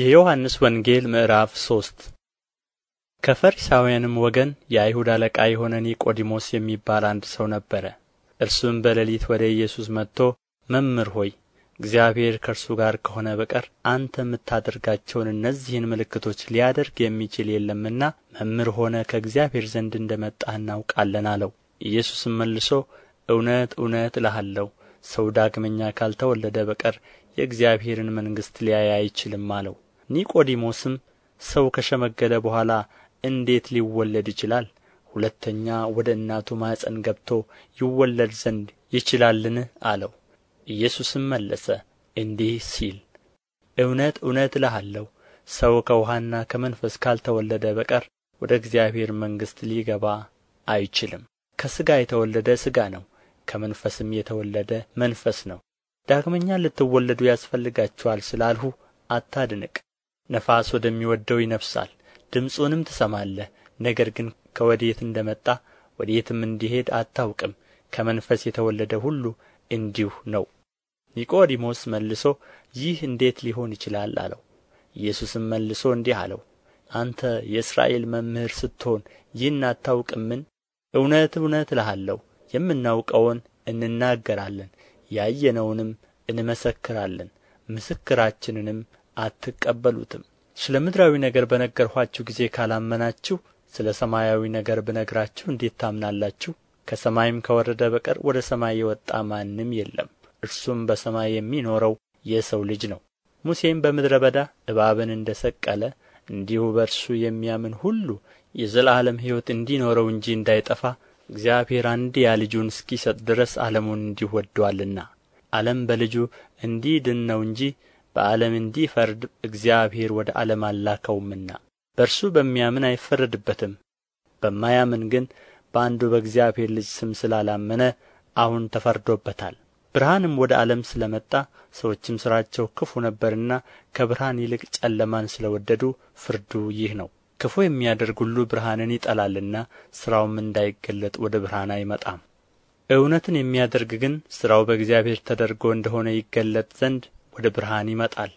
የዮሐንስ ወንጌል ምዕራፍ ሶስት ከፈሪሳውያንም ወገን የአይሁድ አለቃ የሆነ ኒቆዲሞስ የሚባል አንድ ሰው ነበረ። እርሱም በሌሊት ወደ ኢየሱስ መጥቶ መምህር ሆይ እግዚአብሔር ከእርሱ ጋር ከሆነ በቀር አንተ የምታደርጋቸውን እነዚህን ምልክቶች ሊያደርግ የሚችል የለምና መምህር ሆነ ከእግዚአብሔር ዘንድ እንደ መጣህ እናውቃለን አለው። ኢየሱስም መልሶ እውነት እውነት እልሃለሁ ሰው ዳግመኛ ካልተወለደ በቀር የእግዚአብሔርን መንግሥት ሊያይ አይችልም አለው። ኒቆዲሞስም ሰው ከሸመገለ በኋላ እንዴት ሊወለድ ይችላል ሁለተኛ ወደ እናቱ ማኅፀን ገብቶ ይወለድ ዘንድ ይችላልን አለው ኢየሱስም መለሰ እንዲህ ሲል እውነት እውነት እልሃለሁ ሰው ከውሃና ከመንፈስ ካልተወለደ በቀር ወደ እግዚአብሔር መንግሥት ሊገባ አይችልም ከሥጋ የተወለደ ሥጋ ነው ከመንፈስም የተወለደ መንፈስ ነው ዳግመኛ ልትወለዱ ያስፈልጋችኋል ስላልሁ አታድንቅ ነፋስ ወደሚወደው ይነፍሳል ድምፁንም ትሰማለህ ነገር ግን ከወዴት እንደ መጣ ወዴትም እንዲሄድ አታውቅም ከመንፈስ የተወለደ ሁሉ እንዲሁ ነው ኒቆዲሞስ መልሶ ይህ እንዴት ሊሆን ይችላል አለው ኢየሱስም መልሶ እንዲህ አለው አንተ የእስራኤል መምህር ስትሆን ይህን አታውቅምን እውነት እውነት እልሃለሁ የምናውቀውን እንናገራለን ያየነውንም እንመሰክራለን ምስክራችንንም አትቀበሉትም ስለ ምድራዊ ነገር በነገርኋችሁ ጊዜ ካላመናችሁ ስለ ሰማያዊ ነገር ብነግራችሁ እንዴት ታምናላችሁ ከሰማይም ከወረደ በቀር ወደ ሰማይ የወጣ ማንም የለም እርሱም በሰማይ የሚኖረው የሰው ልጅ ነው ሙሴም በምድረ በዳ እባብን እንደ ሰቀለ እንዲሁ በእርሱ የሚያምን ሁሉ የዘላለም ሕይወት እንዲኖረው እንጂ እንዳይጠፋ እግዚአብሔር አንድያ ልጁን እስኪሰጥ ድረስ ዓለሙን እንዲሁ ወዶአልና ዓለም በልጁ እንዲድን ነው እንጂ በዓለም እንዲፈርድ እግዚአብሔር ወደ ዓለም አላከውምና በእርሱ በሚያምን አይፈረድበትም። በማያምን ግን በአንዱ በእግዚአብሔር ልጅ ስም ስላላመነ አሁን ተፈርዶበታል። ብርሃንም ወደ ዓለም ስለ መጣ ሰዎችም ሥራቸው ክፉ ነበርና ከብርሃን ይልቅ ጨለማን ስለ ወደዱ ፍርዱ ይህ ነው። ክፉ የሚያደርግ ሁሉ ብርሃንን ይጠላልና ሥራውም እንዳይገለጥ ወደ ብርሃን አይመጣም። እውነትን የሚያደርግ ግን ሥራው በእግዚአብሔር ተደርጎ እንደሆነ ይገለጥ ዘንድ ወደ ብርሃን ይመጣል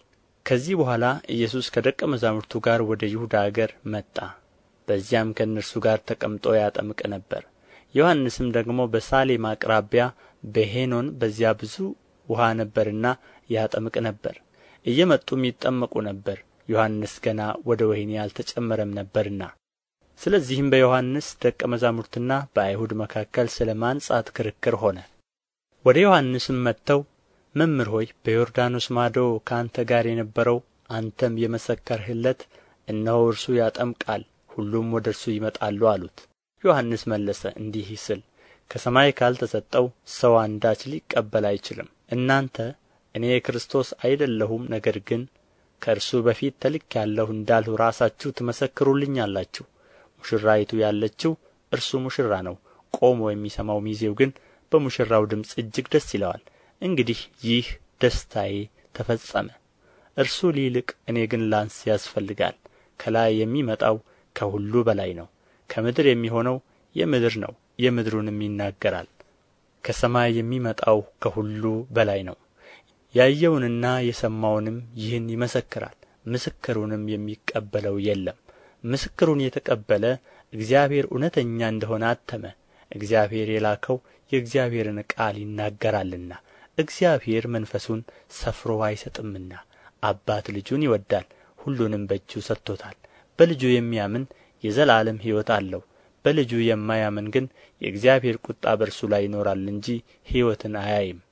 ከዚህ በኋላ ኢየሱስ ከደቀ መዛሙርቱ ጋር ወደ ይሁዳ አገር መጣ በዚያም ከእነርሱ ጋር ተቀምጦ ያጠምቅ ነበር ዮሐንስም ደግሞ በሳሌም አቅራቢያ በሄኖን በዚያ ብዙ ውሃ ነበርና ያጠምቅ ነበር እየመጡም ይጠመቁ ነበር ዮሐንስ ገና ወደ ወኅኒ አልተጨመረም ነበርና ስለዚህም በዮሐንስ ደቀ መዛሙርትና በአይሁድ መካከል ስለ ማንጻት ክርክር ሆነ ወደ ዮሐንስም መጥተው መምህር ሆይ በዮርዳኖስ ማዶ ከአንተ ጋር የነበረው አንተም የመሰከርህለት እነሆ እርሱ ያጠምቃል ሁሉም ወደ እርሱ ይመጣሉ አሉት ዮሐንስ መለሰ እንዲህ ሲል ከሰማይ ካልተሰጠው ሰው አንዳች ሊቀበል አይችልም እናንተ እኔ የክርስቶስ አይደለሁም ነገር ግን ከእርሱ በፊት ተልክ ያለሁ እንዳልሁ ራሳችሁ ትመሰክሩልኛላችሁ። ሙሽራይቱ ያለችው እርሱ ሙሽራ ነው። ቆሞ የሚሰማው ሚዜው ግን በሙሽራው ድምፅ እጅግ ደስ ይለዋል። እንግዲህ ይህ ደስታዬ ተፈጸመ እርሱ ሊልቅ እኔ ግን ላንስ ያስፈልጋል ከላይ የሚመጣው ከሁሉ በላይ ነው ከምድር የሚሆነው የምድር ነው የምድሩንም ይናገራል ከሰማይ የሚመጣው ከሁሉ በላይ ነው ያየውንና የሰማውንም ይህን ይመሰክራል ምስክሩንም የሚቀበለው የለም ምስክሩን የተቀበለ እግዚአብሔር እውነተኛ እንደሆነ አተመ እግዚአብሔር የላከው የእግዚአብሔርን ቃል ይናገራልና እግዚአብሔር መንፈሱን ሰፍሮ አይሰጥምና አባት ልጁን ይወዳል ሁሉንም በእጁ ሰጥቶታል በልጁ የሚያምን የዘላለም ሕይወት አለው በልጁ የማያምን ግን የእግዚአብሔር ቁጣ በእርሱ ላይ ይኖራል እንጂ ሕይወትን አያይም